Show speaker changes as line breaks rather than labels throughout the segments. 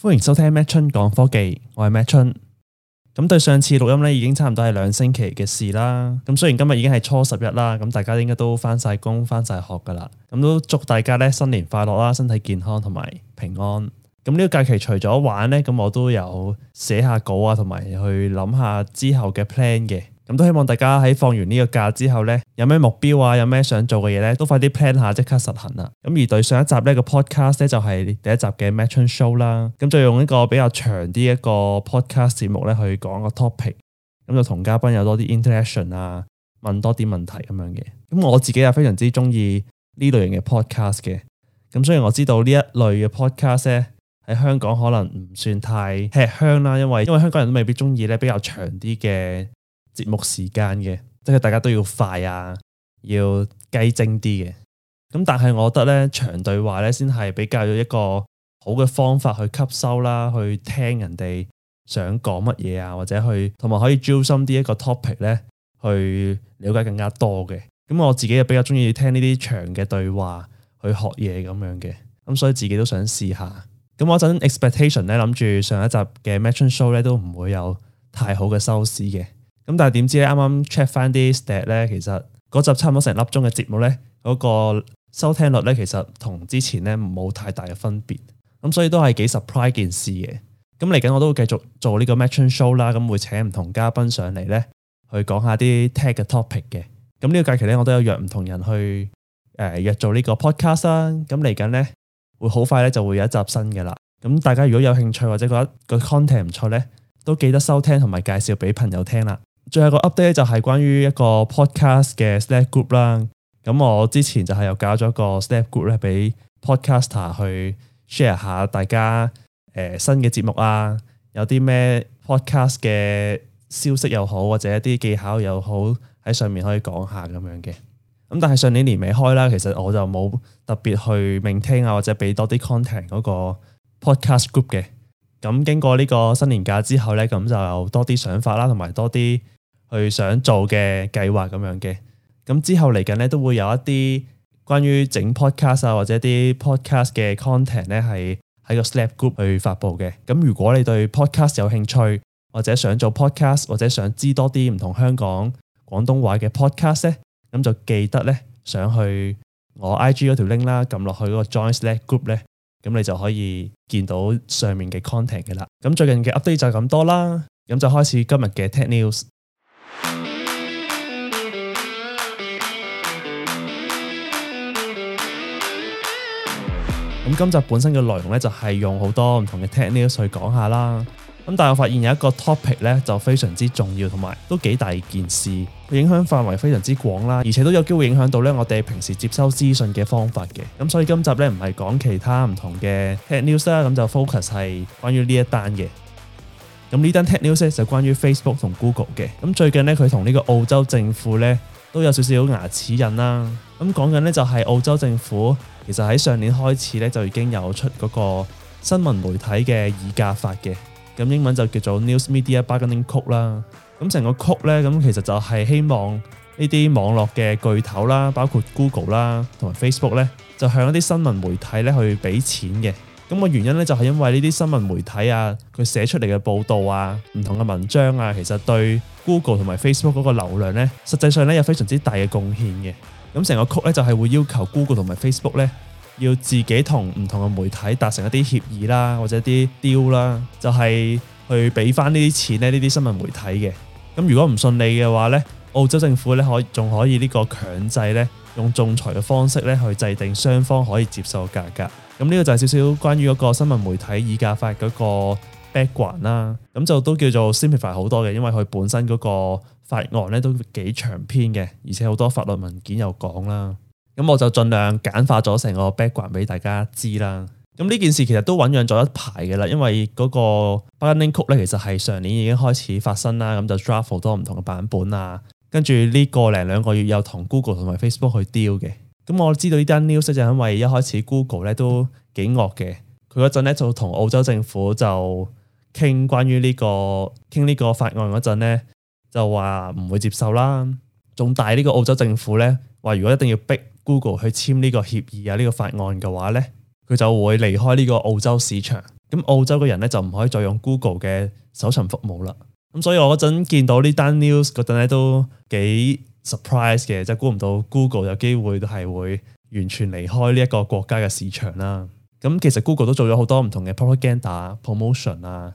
歡迎收聽麥春講科技，我係麥春。咁對上次錄音咧，已經差唔多係兩星期嘅事啦。咁雖然今日已經係初十一啦，咁大家應該都翻晒工、翻晒學噶啦。咁都祝大家咧新年快樂啦，身體健康同埋平安。咁呢個假期除咗玩咧，咁我都有寫下稿啊，同埋去諗下之後嘅 plan 嘅。咁都希望大家喺放完呢個假之後呢，有咩目標啊，有咩想做嘅嘢呢？都快啲 plan 下，即刻實行啦。咁而對上一集呢個 podcast 呢，就係第一集嘅 MadChun show 啦。咁就用一個比較長啲一個 podcast 節目呢去講個 topic，咁就同嘉賓有多啲 interaction 啊，問多啲問題咁樣嘅。咁我自己又非常之中意呢類型嘅 podcast 嘅。咁雖然我知道呢一類嘅 podcast 呢喺香港可能唔算太吃香啦，因為因為香港人都未必中意呢比較長啲嘅。節目時間嘅，即係大家都要快啊，要雞精啲嘅。咁但係我覺得咧，長對話咧先係比較有一個好嘅方法去吸收啦，去聽人哋想講乜嘢啊，或者去同埋可以專心啲一,一個 topic 咧，去了解更加多嘅。咁我自己又比較中意聽呢啲長嘅對話去學嘢咁樣嘅，咁所以自己都想試下。咁嗰陣 expectation 咧，諗住上一集嘅 match show 咧都唔會有太好嘅收視嘅。咁但係點知咧？啱啱 check 翻啲 stat 咧，其實嗰集差唔多成粒鐘嘅節目咧，嗰、嗰個收聽率咧，其實同之前咧冇太大嘅分別，咁所以都係幾 surprise 件事嘅。咁嚟緊我都會繼續做呢個 matching show 啦，咁會請唔同嘉賓上嚟咧，去講下啲 tech 嘅 topic 嘅。咁呢個假期咧，我都有約唔同人去誒、呃、約做呢個 podcast 啦。咁嚟緊咧會好快咧就會有一集新嘅啦。咁大家如果有興趣或者覺得個 content 唔錯咧，都記得收聽同埋介紹俾朋友聽啦。最後個 update 咧就係關於一個 podcast 嘅 Slack Group 啦。咁我之前就係又搞咗個 Slack Group 咧，俾 podcaster 去 share 下大家誒、呃、新嘅節目啊，有啲咩 podcast 嘅消息又好，或者一啲技巧又好，喺上面可以講下咁樣嘅。咁但係上年年尾開啦，其實我就冇特別去 maintain 啊，或者俾多啲 content 嗰個 podcast group 嘅。咁經過呢個新年假之後咧，咁就有多啲想法啦，同埋多啲。去想做嘅計劃咁樣嘅，咁之後嚟緊咧都會有一啲關於整 podcast 啊或者啲 podcast 嘅 content 咧係喺個 Slack Group 去發布嘅。咁如果你對 podcast 有興趣，或者想做 podcast，或者想知多啲唔同香港廣東話嘅 podcast 咧，咁就記得咧上去我 IG 嗰條 link 啦，撳落去嗰個 Join Slack Group 咧，咁你就可以見到上面嘅 content 嘅啦。咁最近嘅 update 就咁多啦，咁就開始今日嘅 Tech News。咁今集本身嘅內容咧，就係、是、用好多唔同嘅 tech news 去講下啦。咁但係我發現有一個 topic 咧，就非常之重要，同埋都幾大件事，影響範圍非常之廣啦，而且都有機會影響到咧我哋平時接收資訊嘅方法嘅。咁、嗯、所以今集呢，唔係講其他唔同嘅 tech news 啦，咁就 focus 係關於呢一單嘅。咁呢單 tech news 就關於 Facebook 同 Google 嘅。咁、嗯、最近呢，佢同呢個澳洲政府呢都有少少牙齒印啦。咁講緊呢，就係澳洲政府。其實喺上年開始咧，就已經有出嗰個新聞媒體嘅議價法嘅，咁英文就叫做 News Media Bargaining Code 啦。咁成個 Code 咧，咁其實就係希望呢啲網絡嘅巨頭啦，包括 Google 啦同埋 Facebook 咧，就向一啲新聞媒體咧去俾錢嘅。咁個原因咧，就係因為呢啲新聞媒體啊，佢寫出嚟嘅報導啊、唔同嘅文章啊，其實對 Google 同埋 Facebook 嗰個流量咧，實際上咧有非常之大嘅貢獻嘅。咁成個曲咧，就係會要求 Google 同埋 Facebook 咧，要自己同唔同嘅媒體達成一啲協議啦，或者啲 deal 啦，就係去俾翻呢啲錢咧，呢啲新聞媒體嘅。咁如果唔順利嘅話咧，澳洲政府咧可仲可以呢個強制咧，用仲裁嘅方式咧去制定雙方可以接受嘅價格。咁、嗯、呢、呢個就係少少關於嗰個新聞媒體議價法嗰個 background 啦。咁就都叫做 simplify 好多嘅，因為佢本身嗰、嗰個。法案咧都幾長篇嘅，而且好多法律文件又講啦。咁我就盡量簡化咗成個 background 俾大家知啦。咁呢件事其實都醖釀咗一排嘅啦，因為嗰個 Bargaining Code 咧，其實係上年已經開始發生啦。咁就 draft 好多唔同嘅版本啊，跟住呢個零兩個月又同 Google 同埋 Facebook 去 deal 嘅。咁我知道呢單 news 就係因為一開始 Google 咧都幾惡嘅，佢嗰陣咧就同澳洲政府就傾關於呢個傾呢個法案嗰陣咧。就話唔會接受啦。仲大呢個澳洲政府咧，話如果一定要逼 Google 去簽呢個協議啊、呢、呢個法案嘅話咧，佢就會離開呢個澳洲市場。咁澳洲嘅人咧就唔可以再用 Google 嘅搜尋服務啦。咁所以我嗰陣見到呢單 news 嗰陣咧都幾 surprise 嘅，即係估唔到 Google 有機會都係會完全離開呢一個國家嘅市場啦。咁其實 Google 都做咗好多唔同嘅 propaganda、promotion 啊。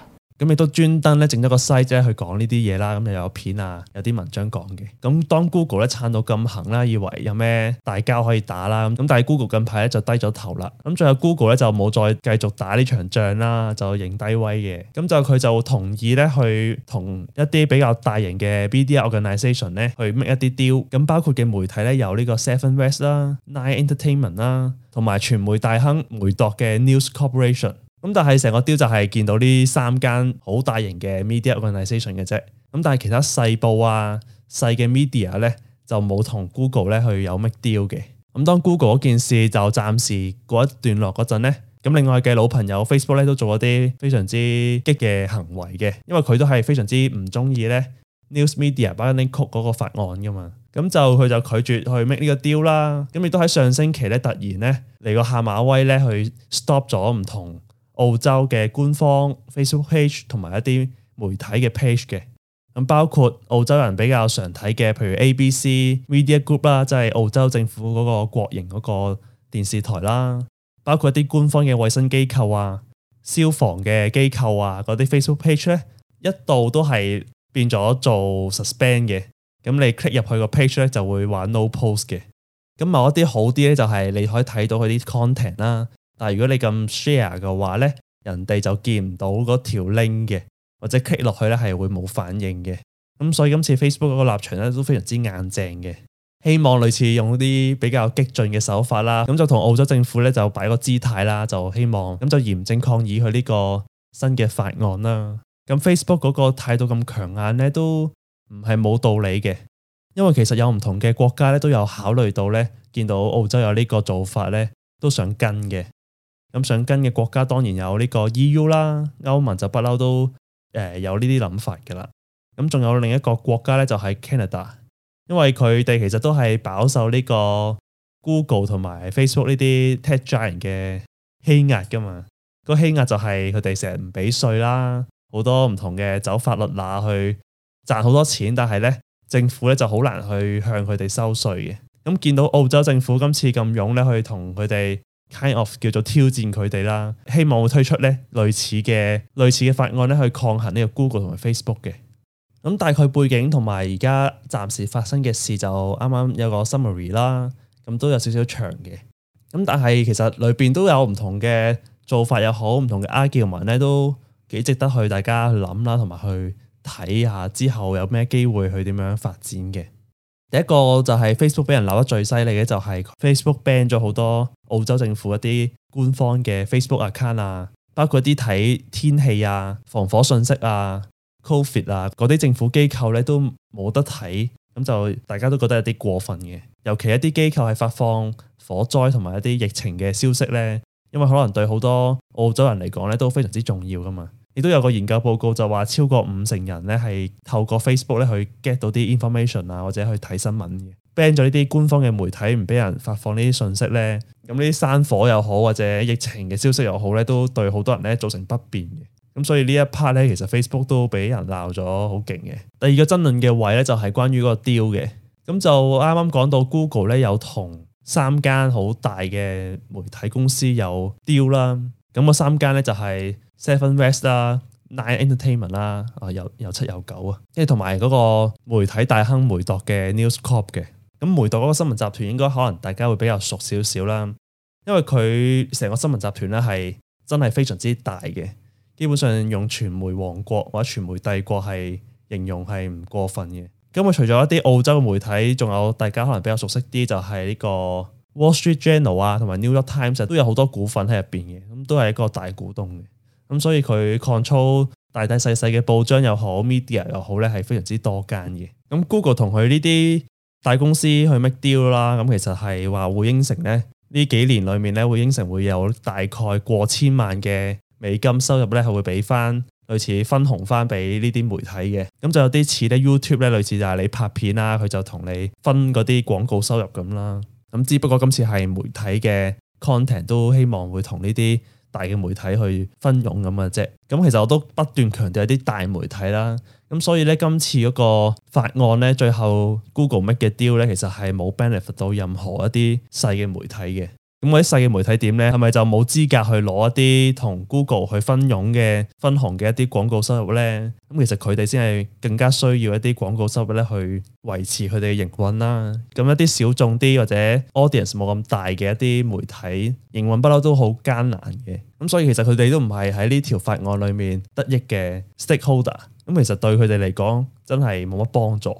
咁亦都專登咧整咗個 site 去講呢啲嘢啦，咁又有片啊，有啲文章講嘅。咁當 Google 咧撐到咁行啦，以為有咩大交可以打啦，咁但係 Google 近排咧就低咗頭啦。咁最後 Google 咧就冇再繼續打呢場仗啦，就認低威嘅。咁就佢就同意咧去同一啲比較大型嘅 B D organisation 咧去 make 一啲 deal。咁包括嘅媒體咧有呢個 Seven West 啦、Nine Entertainment 啦，同埋傳媒大亨梅度嘅 News Corporation。咁但係成個 deal 就係見到呢三間好大型嘅 media organization 嘅啫。咁但係其他細報啊、細嘅 media 咧就冇同 Google 咧去有 make deal 嘅。咁當 Google 嗰件事就暫時過一段落嗰陣咧，咁另外嘅老朋友 Facebook 咧都做咗啲非常之激嘅行為嘅，因為佢都係非常之唔中意咧 news media bargaining code 嗰個法案噶嘛。咁就佢就拒絕去 make 呢個 deal 啦。咁亦都喺上星期咧突然咧嚟個下馬威咧去 stop 咗唔同澳洲嘅官方 Facebook page 同埋一啲媒體嘅 page 嘅，咁包括澳洲人比較常睇嘅，譬如 ABC Media Group 啦，即係澳洲政府嗰個國營嗰個電視台啦，包括一啲官方嘅衛生機構啊、消防嘅機構啊，嗰啲 Facebook page 咧，一度都係變咗做 suspend 嘅，咁你 click 入去個 page 咧就會玩 no post 嘅，咁某一啲好啲咧就係你可以睇到佢啲 content 啦。但係如果你咁 share 嘅話咧，人哋就見唔到嗰條 link 嘅，或者 click 落去咧係會冇反應嘅。咁所以今次 Facebook 嗰個立場咧都非常之硬正嘅，希望類似用啲比較激進嘅手法啦。咁就同澳洲政府咧就擺個姿態啦，就希望咁就嚴正抗議佢呢個新嘅法案啦。咁 Facebook 嗰個態度咁強硬咧，都唔係冇道理嘅，因為其實有唔同嘅國家咧都有考慮到咧，見到澳洲有呢個做法咧，都想跟嘅。咁想跟嘅國家當然有呢個 EU 啦，歐盟就不嬲都誒有呢啲諗法嘅啦。咁仲有另一個國家咧，就係 Canada，因為佢哋其實都係飽受呢個 Google 同埋 Facebook 呢啲 Tech Giant 嘅欺壓噶嘛。個欺壓就係佢哋成日唔俾稅啦，好多唔同嘅走法律罅去賺好多錢，但係咧政府咧就好難去向佢哋收稅嘅。咁見到澳洲政府今次咁勇咧，去同佢哋。Kind of 叫做挑戰佢哋啦，希望會推出咧類似嘅類似嘅法案咧去抗衡呢個 Google 同埋 Facebook 嘅。咁大概背景同埋而家暫時發生嘅事就啱啱有個 summary 啦，咁都有少少長嘅。咁但係其實裏邊都有唔同嘅做法又好，唔同嘅 argument 咧都幾值得去大家諗啦，同埋去睇下之後有咩機會去點樣發展嘅。第一個就係 Facebook 俾人鬧得最犀利嘅，就係 Facebook ban 咗好多澳洲政府一啲官方嘅 Facebook account 啊，包括啲睇天氣啊、防火信息啊、COVID 啊嗰啲政府機構咧都冇得睇，咁就大家都覺得有啲過分嘅。尤其一啲機構係發放火災同埋一啲疫情嘅消息咧，因為可能對好多澳洲人嚟講咧都非常之重要㗎嘛。亦都有個研究報告就話，超過五成人咧係透過 Facebook 咧去 get 到啲 information 啊，或者去睇新聞嘅。ban 咗呢啲官方嘅媒體，唔俾人發放呢啲信息咧，咁呢啲山火又好，或者疫情嘅消息又好咧，都對好多人咧造成不便嘅。咁所以呢一 part 咧，其實 Facebook 都俾人鬧咗好勁嘅。第二個爭論嘅位咧，就係關於嗰個 deal 嘅。咁就啱啱講到 Google 咧，有同三間好大嘅媒體公司有 deal 啦。咁嗰三間咧就係、是。Seven West 啦、Nine Entertainment 啦，啊有有七有九啊，跟住同埋嗰個媒體大亨梅鐸嘅 News Corp 嘅，咁梅鐸嗰個新聞集團應該可能大家會比較熟少少啦，因為佢成個新聞集團咧係真係非常之大嘅，基本上用傳媒王國或者傳媒帝國係形容係唔過分嘅。咁啊，除咗一啲澳洲嘅媒體，仲有大家可能比較熟悉啲就係呢個 Wall Street Journal 啊，同埋 New York Times 都有好多股份喺入邊嘅，咁都係一個大股東嘅。咁所以佢 control 大大細細嘅報章又好，media 又好咧，係非常之多間嘅。咁 Google 同佢呢啲大公司去 make deal 啦。咁其實係話會應承呢，呢幾年裏面咧會應承會有大概過千萬嘅美金收入咧，係會俾翻類似分紅翻俾呢啲媒體嘅。咁就有啲似咧 YouTube 咧，類似就係你拍片啦，佢就同你分嗰啲廣告收入咁啦。咁只不過今次係媒體嘅 content 都希望會同呢啲。大嘅媒體去分傭咁嘅啫，咁其實我都不斷強調一啲大媒體啦，咁所以咧今次嗰個法案咧，最後 Google 乜嘅 deal 咧，其實係冇 benefit 到任何一啲細嘅媒體嘅。咁嗰啲細嘅媒體點呢？係咪就冇資格去攞一啲同 Google 去分傭嘅分紅嘅一啲廣告收入呢？咁其實佢哋先係更加需要一啲廣告收入咧去維持佢哋嘅營運啦。咁一啲小眾啲或者 audience 冇咁大嘅一啲媒體營運不嬲都好艱難嘅。咁所以其實佢哋都唔係喺呢條法案裏面得益嘅 stakeholder。咁其實對佢哋嚟講真係冇乜幫助。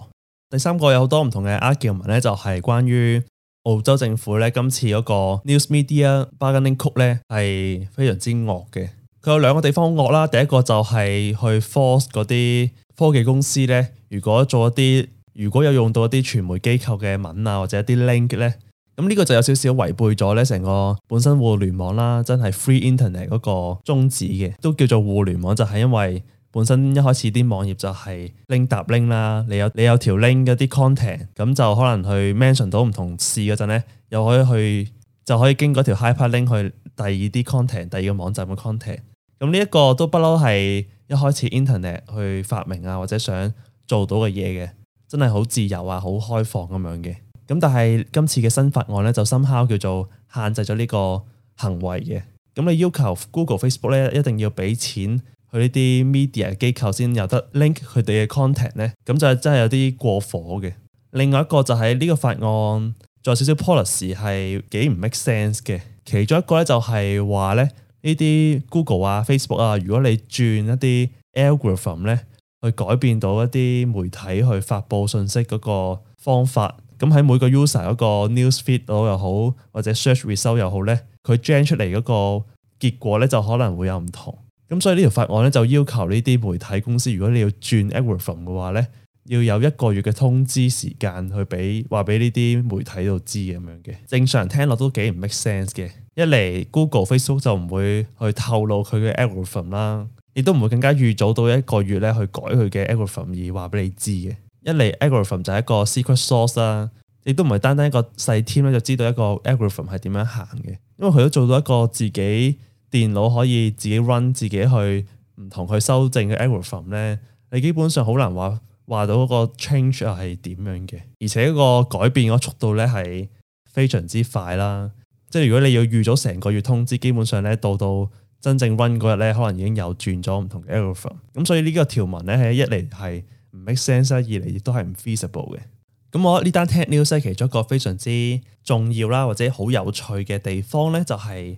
第三個有好多唔同嘅 argument 咧，就係關於。澳洲政府咧今次嗰個 News Media bargaining code 咧係非常之惡嘅。佢有兩個地方惡啦，第一個就係去 force 嗰啲科技公司咧，如果做一啲如果有用到一啲傳媒機構嘅文啊或者一啲 link 咧，咁呢個就有少少違背咗咧成個本身互聯網啦，真係 free internet 嗰個宗旨嘅，都叫做互聯網就係因為。本身一開始啲網頁就係 link 搭 link 啦，你有你有條 link 嗰啲 content，咁就可能去 mention 到唔同事嗰陣咧，又可以去就可以經嗰條 hyperlink 去第二啲 content，第二個網站嘅 content。咁呢一個都不嬲係一開始 internet 去發明啊，或者想做到嘅嘢嘅，真係好自由啊，好開放咁樣嘅。咁但係今次嘅新法案咧，就 somehow 叫做限制咗呢個行為嘅。咁你要求 Google、Facebook 咧一定要俾錢，佢呢啲 media 機構先有得 link 佢哋嘅 content 咧，咁就真係有啲過火嘅。另外一個就係呢個法案再少少 policy 係幾唔 make sense 嘅。其中一個咧就係話咧，呢啲 Google 啊、Facebook 啊，如果你轉一啲 algorithm 咧，去改變到一啲媒體去發布信息嗰個方法，咁喺每個 user 嗰個 newsfeed 度又好，或者 search result 又好咧，佢 generate 出嚟嗰個結果咧，就可能會有唔同。咁所以呢條法案咧就要求呢啲媒體公司，如果你要轉 algorithm 嘅話咧，要有一個月嘅通知時間去俾話俾呢啲媒體度知咁樣嘅。正常聽落都幾唔 make sense 嘅。一嚟 Google、Facebook 就唔會去透露佢嘅 algorithm 啦，亦都唔會更加預早到一個月咧去改佢嘅 algorithm 而話俾你知嘅。一嚟 algorithm 就係一個 secret source 啦、啊，亦都唔係單單一個細 team 咧就知道一個 algorithm 係點樣行嘅，因為佢都做到一個自己。電腦可以自己 run 自己去唔同去修正嘅 error form 咧，你基本上好難話話到嗰個 change 係點樣嘅，而且個改變個速度咧係非常之快啦。即係如果你要預咗成個月通知，基本上咧到到真正 run 嗰日咧，可能已經又轉咗唔同嘅 error form。咁所以呢個條文咧係一嚟係唔 make sense 啦，二嚟亦都係唔 feasible 嘅。咁我覺得呢單 tech news 咧其中一個非常之重要啦，或者好有趣嘅地方咧就係、是。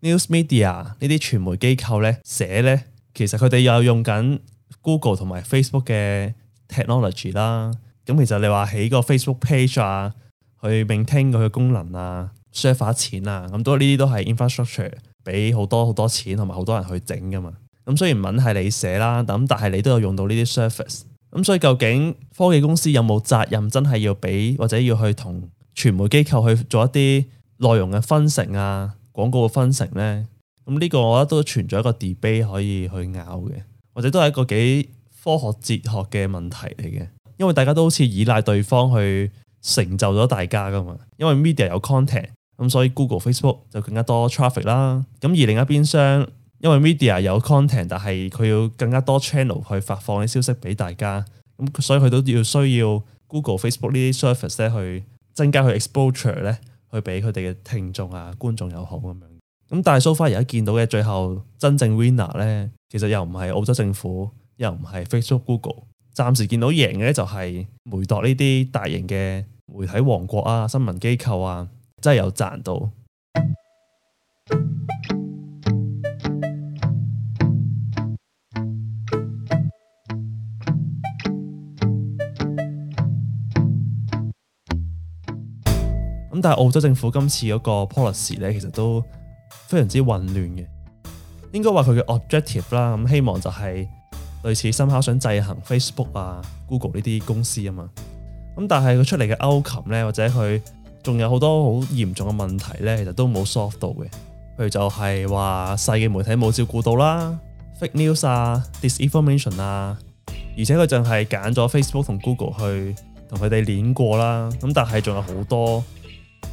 News Media 傳呢啲傳媒機構咧寫咧，其實佢哋又用緊 Google 同埋 Facebook 嘅 technology 啦。咁其實你話起個 Facebook page 啊，去 maintain 佢嘅功能啊，serve 下錢啊，咁都呢啲都係 infrastructure，俾好多好多錢同埋好多人去整㗎嘛。咁雖然文係你寫啦，咁但係你都有用到呢啲 service。咁所以究竟科技公司有冇責任真，真係要俾或者要去同傳媒機構去做一啲內容嘅分成啊？廣告嘅分成呢，咁、這、呢個我覺得都存在一個 debate 可以去拗嘅，或者都係一個幾科學哲學嘅問題嚟嘅，因為大家都好似依賴對方去成就咗大家㗎嘛，因為 media 有 content，咁所以 Google、Facebook 就更加多 traffic 啦。咁而另一邊廂，因為 media 有 content，但係佢要更加多 channel 去發放啲消息俾大家，咁所以佢都要需要 Google、Facebook 呢啲 service 咧去增加佢 exposure 咧。去俾佢哋嘅聽眾啊、觀眾又好咁樣，咁但係 so far 而家見到嘅最後真正 winner 呢，其實又唔係澳洲政府，又唔係 Facebook、Google，暫時見到贏嘅咧就係媒體，呢啲大型嘅媒體王國啊、新聞機構啊，真係有賺到。 咁但係澳洲政府今次嗰個 policy 咧，其實都非常之混亂嘅。應該話佢嘅 objective 啦，咁希望就係類似深考想制衡 Facebook 啊、Google 呢啲公司啊嘛。咁但係佢出嚟嘅 outcome 咧，或者佢仲有好多好嚴重嘅問題咧，其實都冇 solve 到嘅。譬如就係話細嘅媒體冇照顧到啦，fake news 啊，disinformation 啊，而且佢淨係揀咗 Facebook 同 Google 去同佢哋練過啦。咁但係仲有好多。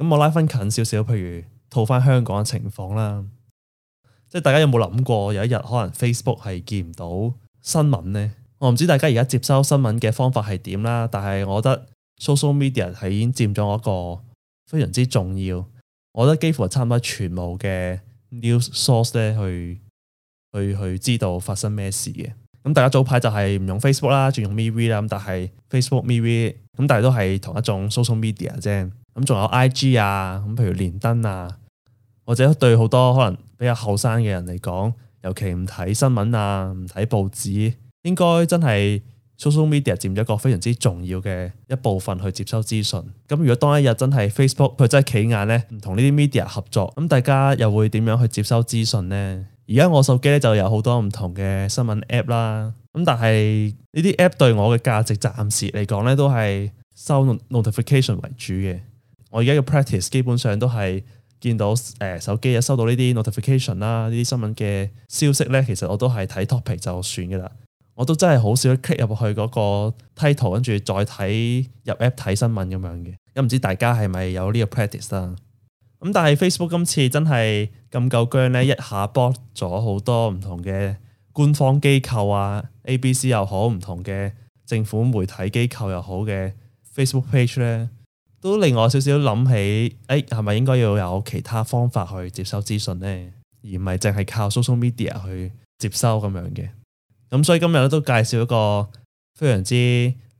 咁我拉翻近少少，譬如套翻香港嘅情況啦，即係大家有冇諗過有一日可能 Facebook 係見唔到新聞呢？我唔知大家而家接收新聞嘅方法係點啦，但係我覺得 social media 係已經佔咗我一個非常之重要，我覺得幾乎係差唔多全部嘅 news source 咧，去去去知道發生咩事嘅。咁大家早排就係唔用 Facebook 啦，仲用 MeWe 啦，咁但係 Facebook、MeWe 咁，但係都係同一種 social media 啫。咁仲有 IG 啊，咁譬如連登啊，或者對好多可能比較後生嘅人嚟講，尤其唔睇新聞啊，唔睇報紙，應該真係 social media 佔咗一個非常之重要嘅一部分去接收資訊。咁如果當一日真係 Facebook 佢真係企硬咧，唔同呢啲 media 合作，咁大家又會點樣去接收資訊咧？而家我手機咧就有好多唔同嘅新聞 app 啦，咁但係呢啲 app 對我嘅價值暫時嚟講咧都係收 notification 為主嘅。我而家嘅 practice 基本上都係見到誒、呃、手機有收到呢啲 notification 啦，呢啲新聞嘅消息咧，其實我都係睇 topic 就算嘅啦。我都真係好少 click 入去嗰個 title，跟住再睇入 app 睇新聞咁樣嘅。唔知大家係咪有呢個 practice 啦。咁、嗯、但係 Facebook 今次真係咁夠僵咧，一下 block 咗好多唔同嘅官方機構啊，ABC 又好，唔同嘅政府媒體機構又好嘅 Facebook page 咧。都令我少少諗起，誒係咪應該要有其他方法去接收資訊咧，而唔係淨係靠 social media 去接收咁樣嘅。咁所以今日咧都介紹一個非常之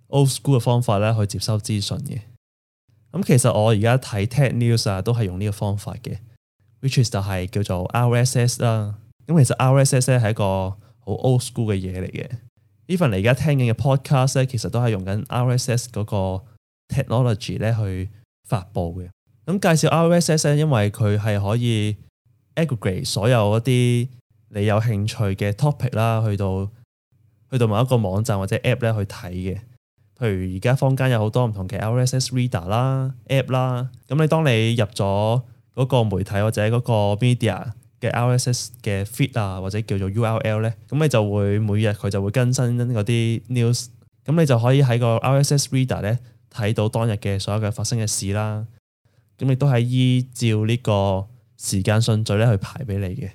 old school 嘅方法咧去接收資訊嘅。咁其實我而家睇 tech news 啊，都係用呢個方法嘅，which is 就係叫做 RSS 啦。咁其實 RSS 咧係一個好 old school 嘅嘢嚟嘅。呢份你而家聽緊嘅 podcast 咧，其實都係用緊 RSS 嗰、那個，Technology 咧去發布嘅，咁介紹 RSS 咧，因為佢係可以 aggregate 所有一啲你有興趣嘅 topic 啦，去到去到某一個網站或者 app 咧去睇嘅。譬如而家坊間有好多唔同嘅 RSS reader 啦，app 啦，咁你當你入咗嗰個媒體或者嗰個 media 嘅 RSS 嘅 feed 啊，或者叫做 URL 咧，咁你就會每日佢就會更新嗰啲 news，咁你就可以喺個 RSS reader 咧。睇到當日嘅所有嘅發生嘅事啦，咁亦都係依照呢個時間順序咧去排俾你嘅，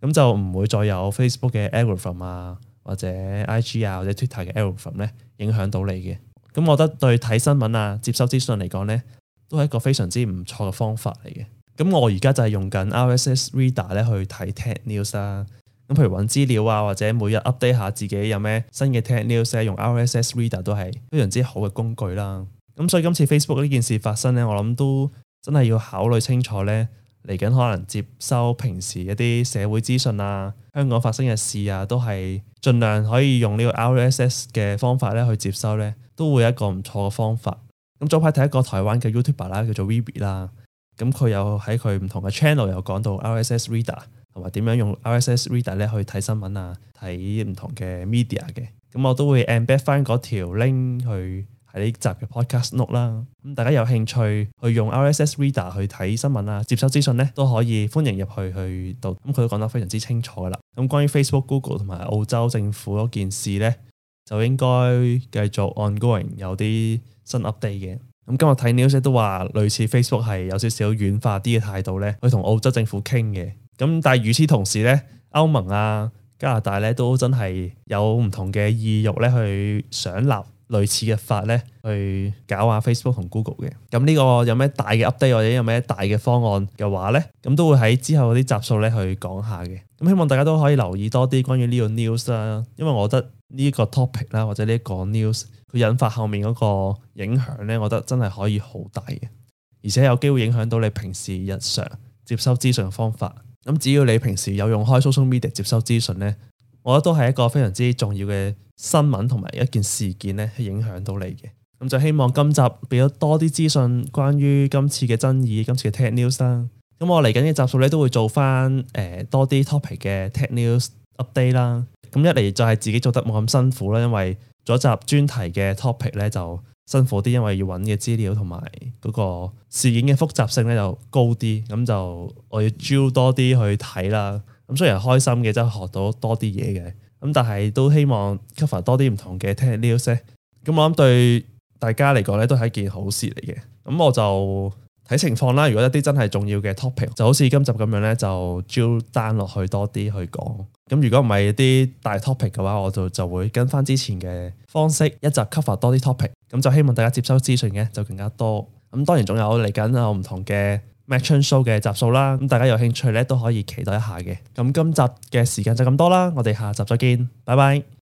咁就唔會再有 Facebook 嘅 algorithm 啊，或者 IG 啊，或者 Twitter 嘅 algorithm 咧影響到你嘅。咁我覺得對睇新聞啊、接收資訊嚟講咧，都係一個非常之唔錯嘅方法嚟嘅。咁我而家就係用緊 RSS Reader 咧去睇 Tech News 啊。咁譬如揾資料啊，或者每日 update 下自己有咩新嘅 tech news 咧、啊，用 RSS reader 都係非常之好嘅工具啦。咁所以今次 Facebook 呢件事發生呢，我諗都真係要考慮清楚呢，嚟緊可能接收平時一啲社會資訊啊、香港發生嘅事啊，都係盡量可以用呢個 RSS 嘅方法呢去接收呢，都會有一個唔錯嘅方法。咁早排睇一個台灣嘅 YouTuber 啦，叫做 Wiwi 啦，咁佢又喺佢唔同嘅 channel 又講到 RSS reader。同埋點樣用 RSS reader 咧去睇新聞啊，睇唔同嘅 media 嘅，咁我都會 embed 翻嗰條 link 去喺呢集嘅 podcast note 啦。咁大家有興趣去用 RSS reader 去睇新聞啊，接收資訊咧都可以歡迎入去去讀。咁佢都講得非常之清楚噶啦。咁關於 Facebook、Google 同埋澳洲政府嗰件事咧，就應該繼續 ongoing 有啲新 update 嘅。咁今日睇 news 都話類似 Facebook 係有少少軟化啲嘅態度咧，去同澳洲政府傾嘅。咁但係，與此同時咧，歐盟啊、加拿大咧，都真係有唔同嘅意欲咧，去想立類似嘅法咧，去搞下 Facebook 同 Google 嘅。咁呢個有咩大嘅 update 或者有咩大嘅方案嘅話咧，咁都會喺之後嗰啲集數咧去講下嘅。咁希望大家都可以留意多啲關於呢個 news 啦，因為我覺得呢一個 topic 啦，或者呢一個 news 佢引發後面嗰個影響咧，我覺得真係可以好大嘅，而且有機會影響到你平時日常接收資訊嘅方法。咁只要你平時有用開 social media 接收資訊呢，我覺得都係一個非常之重要嘅新聞同埋一件事件呢咧，係影響到你嘅。咁就希望今集俾咗多啲資訊關於今次嘅爭議，今次嘅 tech news 啦。咁我嚟緊嘅集數呢，都會做翻誒、呃、多啲 topic 嘅 tech news update 啦。咁一嚟就係自己做得冇咁辛苦啦，因為咗集專題嘅 topic 呢就。辛苦啲，因為要揾嘅資料同埋嗰個事件嘅複雜性咧就高啲，咁就我要招多啲去睇啦。咁雖然係開心嘅，真係學到多啲嘢嘅。咁但係都希望 cover 多啲唔同嘅聽 news。咁我諗對大家嚟講咧都係一件好事嚟嘅。咁我就睇情況啦。如果一啲真係重要嘅 topic，就好似今集咁樣咧，就招單落去多啲去講。咁如果唔係啲大 topic 嘅話，我就就會跟翻之前嘅方式一集 cover 多啲 topic。咁就希望大家接收資訊嘅就更加多，咁當然仲有嚟緊有唔同嘅 MadChun Show 嘅集數啦，咁大家有興趣咧都可以期待一下嘅。咁今集嘅時間就咁多啦，我哋下集再見，拜拜。